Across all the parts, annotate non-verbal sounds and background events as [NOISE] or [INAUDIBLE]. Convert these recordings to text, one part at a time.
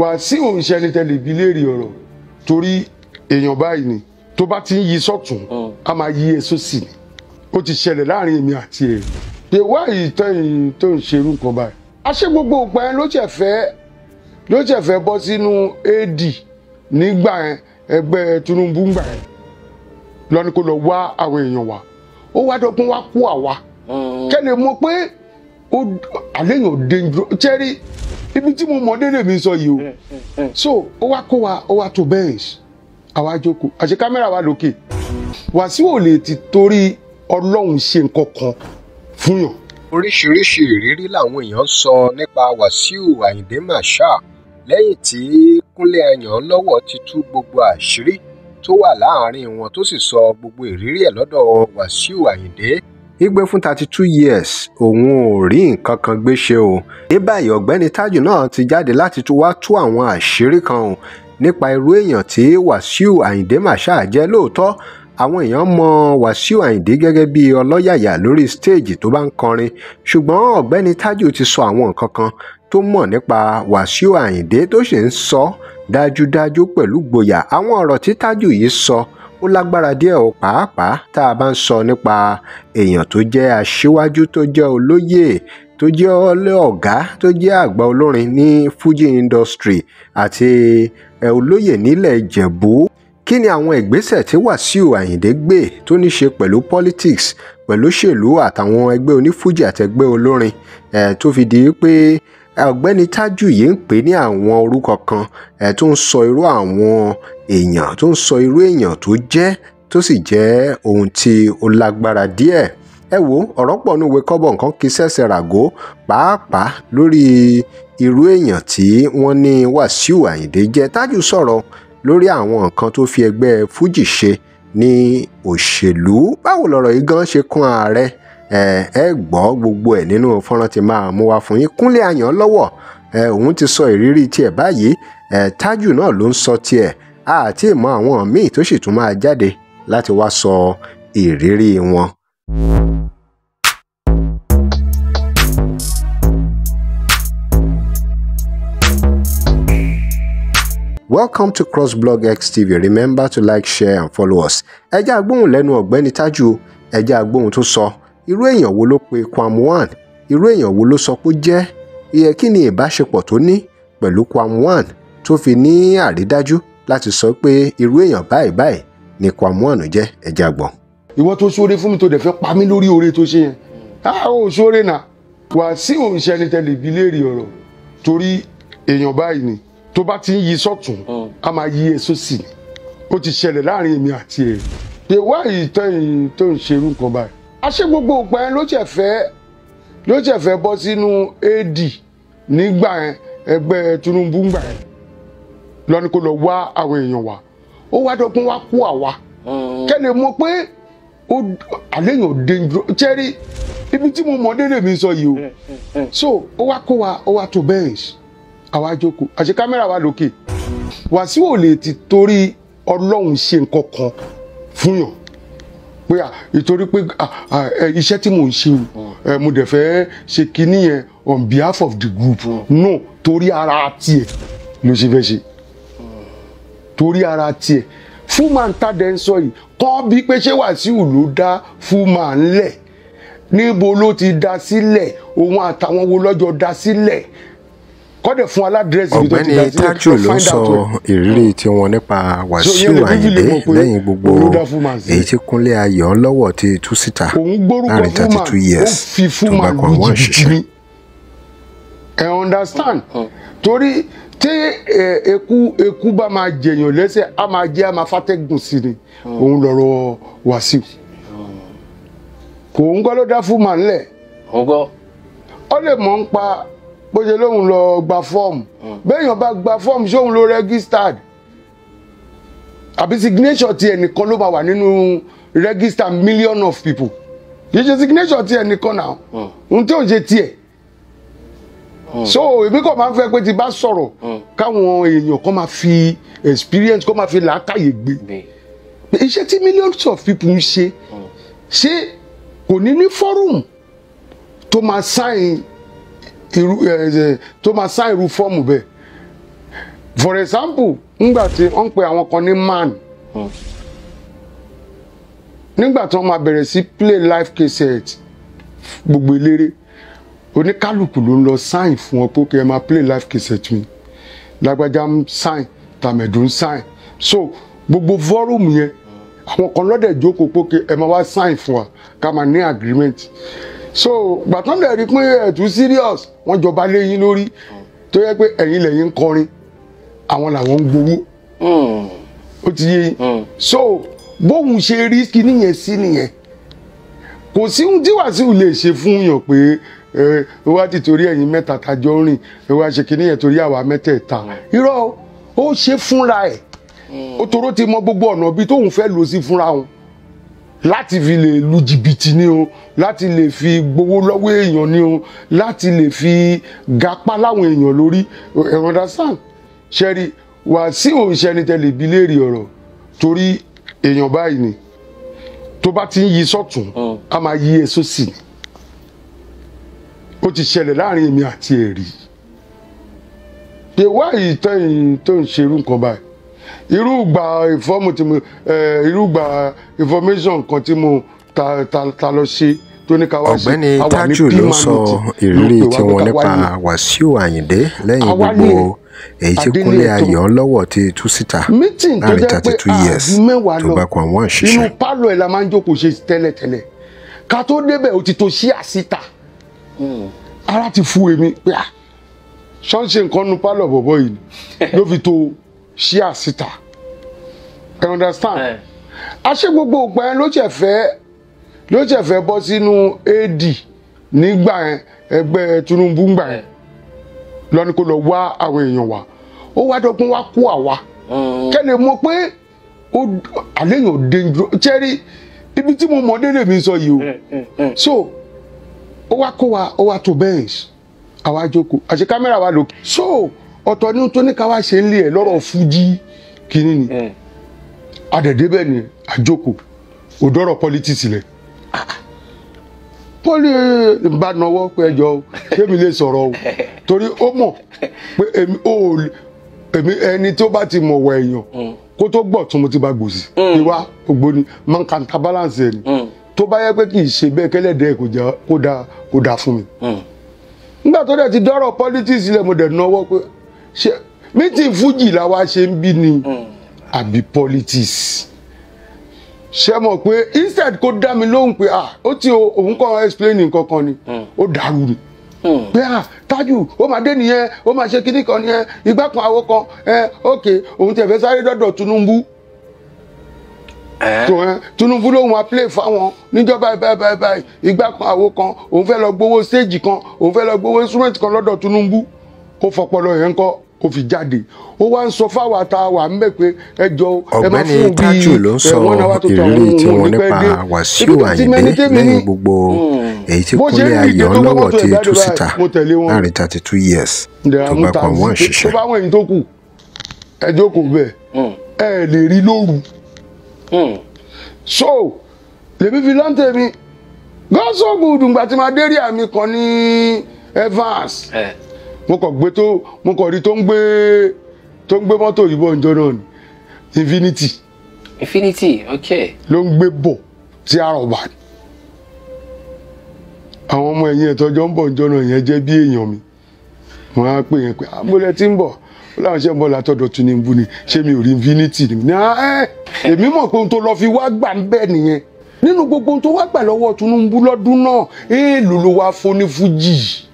wàásíù ìṣẹ́ni tẹ́lẹ̀ bí léèrè ọ̀rọ̀ torí èèyàn báyìí ni tó bá ti ń yí sọ́tún oh. a máa yí èso sí ni ó ti ṣẹlẹ̀ láàrin èmi àti ẹ̀ pé wá ìtẹ̀yìn tó ń ṣerú nǹkan báyìí. a ṣe gbogbo òpin ló ṣẹ̀ fẹ́ ló ṣẹ̀ fẹ́ bọ́ sínú ad nígbà yẹn ẹgbẹ́ Tinubu ń gbà yẹn lọ́ni lọ wá àwọn èèyàn wa ó wá dọ́gbọ́n wá kó àwa oh. kẹ́lẹ̀ mọ̀ pé ó àléyàn dèjò cherry ibi tí mo mọ̀ délé mi sọ yìí o eh, eh, eh. so ó wá kó wa ó wá tó bench àwa jókòó àṣẹ kámẹ́rà wa lókè Wàsíù ò lè ti torí Ọlọ́run ṣe nǹkan kan fún yàn. oríṣiríṣi ìrírí làwọn èèyàn sọ nípa Wàsíù Àyìndé Marshal lẹ́yìn tí Kúnlé Ayọ̀nlọ́wọ́ ti tú gbogbo àṣírí tó wà láàárín wọn tó sì sọ gbogbo ìrírí ẹ̀ lọ́dọ̀ Wàsíù Àyìndé wípé fún thirty two years òun ò rí nǹkan kan gbé ṣe o ní báyìí ọ̀gbẹ́ni tájù náà ti jáde láti tún wá tú àwọn àṣírí kan o nípa irú èèyàn tí wàsíù àyìndé màṣáà jẹ́ lóòótọ́ àwọn èèyàn mọ wàsíù àyìndé gẹ́gẹ́ bí ọlọ́yàyà lórí stéèjì tó bá ń kọrin ṣùgbọ́n ọ̀gbẹ́ni tájù ti sọ àwọn nǹkan kan tó mọ̀ nípa wàsíù àyìndé tó sì ń sọ dájúdájú pẹ̀lú gboyà àwọn ọ̀rọ̀ tí tájù yìí sọ so, ó lágbára díẹ̀ o pàápàá tá a bá ń sọ nípa èèyàn tó jẹ́ aṣíwájú tó jẹ́ olóyè tó jẹ́ ọ̀gá tó jẹ́ àgbà olórin ní Fuji industry àti olóyè nílẹ̀ Ìjẹ̀bú kí ni àwọn ìgbésẹ̀ tí Wàsíù Àyìndé gbé tó ní ṣe pẹ̀lú politics pẹ̀lú ṣèlú àtàwọn ẹgbẹ́ onífújì àtẹgbẹ́ olórin ẹ̀ tó fi di pé ọ̀gbẹ́ni tájù yìí ń pè ní àwọn orúkọ kan ẹ̀ tó ń sọ irú àwọn èèyàn tó ń sọ irú èèyàn tó jẹ́ tó sì jẹ́ ohun tí ó lágbára díẹ̀ ẹ wo ọ̀rọ̀ pọ̀ ní òwe kọ́bọ̀ nǹkan kí sẹ́sẹ̀ ràgó pàápàá lórí irú èèyàn tí wọ́n ní Wàsíù Àyìndé jẹ́ tájù sọ̀rọ̀ lórí àwọn nǹkan tó fi ẹgbẹ́ Fújì ṣe ní òṣèlú báwo lọ̀rọ̀ yìí gan ṣe kún ààrẹ ẹ gbọ́ gbogbo ẹ̀ nínú fọ́nrán tí máa mú wá fún yín Kúnlé Ayọ̀lọ́wọ̀ òun ti sọ ìrírí tiẹ̀ báyìí Tájù náà ló ń sọ tiẹ̀ àti ìmọ̀ àwọn míì tó sì tún máa jáde láti wá sọ ìrírí wọn. Welcome to crossblog xtv remember to like share and follow us ẹ agbóhùn lẹ́nu ọ̀gbẹ́ni Tájù ẹ agbóhùn tó sọ irú èèyàn wo ló pe Kwam One irú èèyàn wo ló sọ pé jẹ́ ìyẹn kí ni ìbáṣepọ̀ tó ní pẹ̀lú Kwam One tó fi ní àrídájú láti sọ pé irú èèyàn báyìí báyìí ni Kwam One jẹ́ ẹja gbọ̀n. ìwọ tó ṣoore fún mi tó dẹ̀ fẹ́ pa mí lórí oore tó ṣe yẹn a ò ṣoore náà Wàsíù ń ṣẹni tẹlẹ ìbílẹ̀ ọ̀rọ̀ torí èèyàn báyìí ni tó bá ti ń yí sọ́tún a máa yí èso sí i ó ti ṣẹlẹ̀ láàrin èmi àti ẹ̀ pé wáyé tẹ́yìn tó ń ṣerú nǹkan báyìí àṣé gbogbo òpá yẹn ló ṣẹ̀ fẹ́ ló ṣẹ̀ fẹ́ bọ́ sínú AD nígbà yẹn ẹgbẹ́ Tinubu gbà yẹn lọ́ni kó lọ wá àwọn èèyàn wa ó wá dọ́gbọ́n wá kó àwa mm. kẹ́lẹ̀ mọ̀ pé àléyàn dèjò jẹ́rí ibi tí mo mọ̀ délé mi sọ yìí o so ó wá kó wa ó wá tó bench àwa jókòó àṣẹ kámẹ́rà wa lókè Wàsíù ò lè ti torí Ọlọ́run ṣe nǹkan kan fún yàn pé à ìtorí pé iṣẹ́ tí mò ń ṣe o mo dẹ̀ fẹ́ ṣe kinní yẹn on behalf of the group no torí ara tiẹ̀ ló ṣe fẹ́ ṣe torí ara tiẹ̀ fúlmàn tàdé ń sọ yìí kọ́ bí pé ṣé Wàsíù ló dá fúlmàn lẹ̀ níbo ló ti dá sílẹ̀ òun àtàwọn wo lọ́jọ́ dá sílẹ̀ kọ́dẹ̀ fún aládírẹ́sì ibi tó ti dá sílẹ̀ ọ̀gbẹ́ni tájù ló sọ ìrírí hmm. tiwọn nípa wàsíù àyìndé lẹ́yìn gbogbo èyí tí kúnlé ayọ̀ lọ́wọ́ ti tú síta láàrin thirty two years tó gbà pọ̀ wọ́n ṣiṣẹ́. ẹ understand hmm. Hmm. torí tí eku eku bá máa jẹyàn lẹ́sẹ̀ á máa jẹ́ á máa fàtẹ́gùn sí ni òun lọ́rọ̀ wàsíù kò ń gbọ́ ló dá fún màá ńlẹ̀ ọ lè mọ̀ ń pa bó ṣe lóun lọ gba fọ́ọ̀mù hmm. béèyàn bá gba fọ́ọ̀mù ṣóun ló registered àbí signature ti ẹnìkan ló máa wà nínú register million of people kì í ṣe signature ti ẹnìkan náà hmm. ohun tí ò ṣe tiẹ̀ hmm. so èmi kò máa ń fẹ́ pé ti bá sọ̀rọ̀ káwọn èèyàn kan máa fi experience kan máa fi làákàyè gbé iṣẹ́ tí millions of people ń ṣe ṣé kò ní ní fọ́rùmù tó máa sáyìn irú ẹ tó máa sá irú fọ́ọ̀mù bẹ́ẹ̀ for example ńgbà tí wọ́n ń pe àwọn kan ní man hmm. nígbà tí wọ́n máa bẹ̀rẹ̀ sí play life cassette gbogbo eléré oníkálùkù ló ń lọ sign fún ọ pé kí ẹ máa play live cassette mi lágbájá ń sign tàmẹ̀dùn sign so gbogbo forum yẹn àwọn kan lọ́dẹ̀ jókòó pé kí ẹ máa wá sign fún wa ká máa ní agreement so gbàtàn dẹ̀ rí pé ẹ̀tún eh, serious wọ́n jọba léyìn lórí tó yẹ pé ẹ̀yin lẹ́yìn ń kọrin àwọn làwọn ń gbowó hmm. ó ti yé yín hmm. so bóun ṣe rí kíní yẹn sí nìyẹn kò sí ohun tí Wàsíù lè ṣe fún yàn pé eh, ó wá ti torí ẹ̀yin mẹ́ta tajọ́ rìn ó wá ṣe kíní yẹn torí àwa mẹ́tẹ̀ẹ̀ta hmm. irọ́ ó ṣe fúnra ẹ̀ ó toró ti mọ gbogbo ọ̀nà bíi tóun fẹ́ lò sí fúnra òun láti fi lè lu jìbìtì ni o láti lè fi gbowó lọ́wọ́ èèyàn ni o láti lè fi gapá láwọn èèyàn lórí you understand ṣẹ́rí Wàsíù ìṣẹ́ni tẹ́lẹ̀ bí léèrè ọ̀rọ̀ torí èèyàn báyìí ni tó bá ti ń yí sọ́tún a máa yí èso sí i ó ti ṣẹlẹ̀ láàrin èmi àti ẹ̀rí pé wáyé tó ń ṣerú nǹkan báyìí irú ìgbà ìfọ́mù tí mo irú information kan tí mo ta ta ta lọ ṣe tó ní ká wá sí ọ̀gbẹ́ni tájù ló sọ ìrírí tiwọn nípa Wàsíù Àyìndé lẹ́yìn gbogbo èyí tí Kúnlé Ayọ̀ lọ́wọ́ ti tú síta láàrin thirty two ah, years tó bá kọ àwọn àṣìṣe. inú pálọ̀ ẹ̀ la máa ń jókòó ṣe tẹ́lẹ̀tẹ́lẹ̀ ká tó débẹ̀ ó ti tó sí àsíta hmm. ara ti fu èmi pé ah, ṣọ́ọ̀ṣì nǹkan nu pálọ̀ bọ̀bọ̀ yìí ló fi tó o ṣíà síta You understand àṣé eh. gbogbo ògbà yẹn ló jẹ fẹ́ ló jẹ fẹ́ bọ́ sínú AD nígbà yẹn ẹgbẹ́ Tinubu ngbà yẹn eh. lọ́ni kó lọ wá àwọn èèyàn wa ó wá dọ́gbọ́n wá kó àwa mm. kẹ́lẹ̀ mọ̀ pé àléyàn dèjò chẹ́rí ibi tí mo mọ̀ délé mi sọ yìí o eh, so ó wá kó wa ó wá tó bẹ́ẹ̀ àwa jókòó àṣẹ kámẹ́rà wa lò so. ọ̀tọ̀ ní tó ní wá ṣe ń lé fújì kínní ni eh. adẹ̀dẹ́ bẹ́ẹ̀ ni àjókò òdọ́rọ̀ politics lẹ̀ pọ́lì eh, bá nawọ́ pé kémi lè o [LAUGHS] torí ó o pé èmi ò èmi ẹni tó bá ti mọ̀ wọ èèyàn mm. kó tó mo ti bá gbòsì ìwà ògbóni máa ń balance ẹ̀ mm. tó bá yẹ pé kì í ṣe bẹ́ẹ̀ kẹ́lẹ́dẹ́ kó dáa fún mi. Mm. nígbà tó dẹ̀ ti dọrọ politics lẹ̀ mo dẹ̀ nọwọ pé ṣe meeting fuji la wa ṣe ń bí ni hmm. àbí politics ṣe mọ̀ pé instead kó dá mi lóhùn pé ah ó ti òun kọ́ explain nǹkan kan ni hmm. ó dàrú ni hmm. pé ah tájù ó máa dé nìyẹn ó máa ṣe kinní kan nìyẹn ìgbà kan àwo kan ẹ ok òun tẹ̀fẹ́ sáré dọ́dọ̀ Tinubu tó ẹ Tinubu lòun wá play fáwọn níjọba báyìí báyìí báyìí ìgbà kan àwo kan òun fẹ́ lọ gbowó stage kan òun fẹ́ lọ gbowó instrument kan lọ́dọ̀ Tinubu ó fọpọlọ yẹn kọ́ ó fi jáde ó wá ń sọ fáwa tá a wà ń bẹ̀ pé ẹ jọ ẹ má fún un bíi ẹ wọ́n náà wá tó tọ̀ ọ̀hún òun nípa dé ibi hmm. tó ti mẹ́ni tẹ́mi ní èyí tí kúnlẹ̀ ayọ̀ lọ́wọ́ ti tú síta láàrin thirty two years tó bá pa wọ́n ṣiṣẹ́. tó bá wọ̀nyí tó kù ẹ jókòó bẹ́ẹ̀ hmm. ẹ lè rí lóru hmm. so lèmi fi lọ́ntẹ̀ mi gọ́sọ̀gbù dùgbà tí màá àmì kan ní Evans. Eh mo kàn gbé tó mo kàn rí tó ń gbé tó ń gbé mọ́tò òyìnbó ọjọ́ náà ni infinity. infinity ok. ló ń gbé bọ̀ sí àrọ̀bà àwọn ọmọ ẹ̀yìn ẹ̀tọ́jọ́ ń bọ̀ ọjọ́ náà yẹn jẹ́ bí èèyàn mi wọ́n á pè yẹn pé àmúlẹ̀ ah, tí ń bọ̀ láwọn ṣe ń bọ̀ látọ̀dọ̀ Tinubu ni ṣé mi ò rí infinity ni ní ẹ ah, eh, èmi mọ̀ pé ohun tó lọ fi wá gbà ń bẹ̀ nìyẹn nínú gbogbo ohun tó wá gbà lọ́wọ́ Tinubu lọ́dún náà èèlò ló wá fóní fújì yìí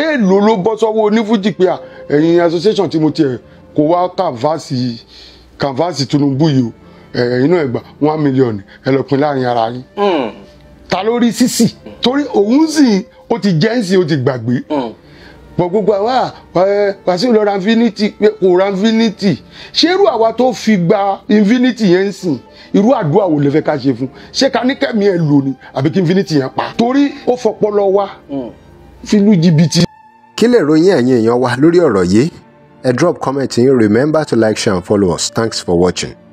èèlò ló bọ́ sọ́wọ́ onífújì pé ẹ̀yin association tí mo tiẹ̀ kó wá kànfàsì kànfàsì Tinubu yìí o ẹ̀yin náà ẹgbà one million ẹ lọ pín láàrin ara yín hmm. ta lórí sísì torí òun sì ó ti jẹ́ǹsì ó ti gbàgbé pọ̀ hmm. gbogbo àwa wàsíù lọ ra infinity kò ra infinity ṣé irú àwa tó fi gba infinity yẹn ń sìn irú àdúrà wo lè fẹ́ ká ṣe fún ṣé ká ní kẹ́mi ẹ̀ lò ní àbí kí infinity yẹn pa torí ó fọpọlọ wa. Mm sínú jìbìtì. kí lè ròyìn ẹ̀yin èèyàn wa lórí ọ̀rọ̀ yìí ẹ drop comment yín remember to like share and follow us thanks for watching.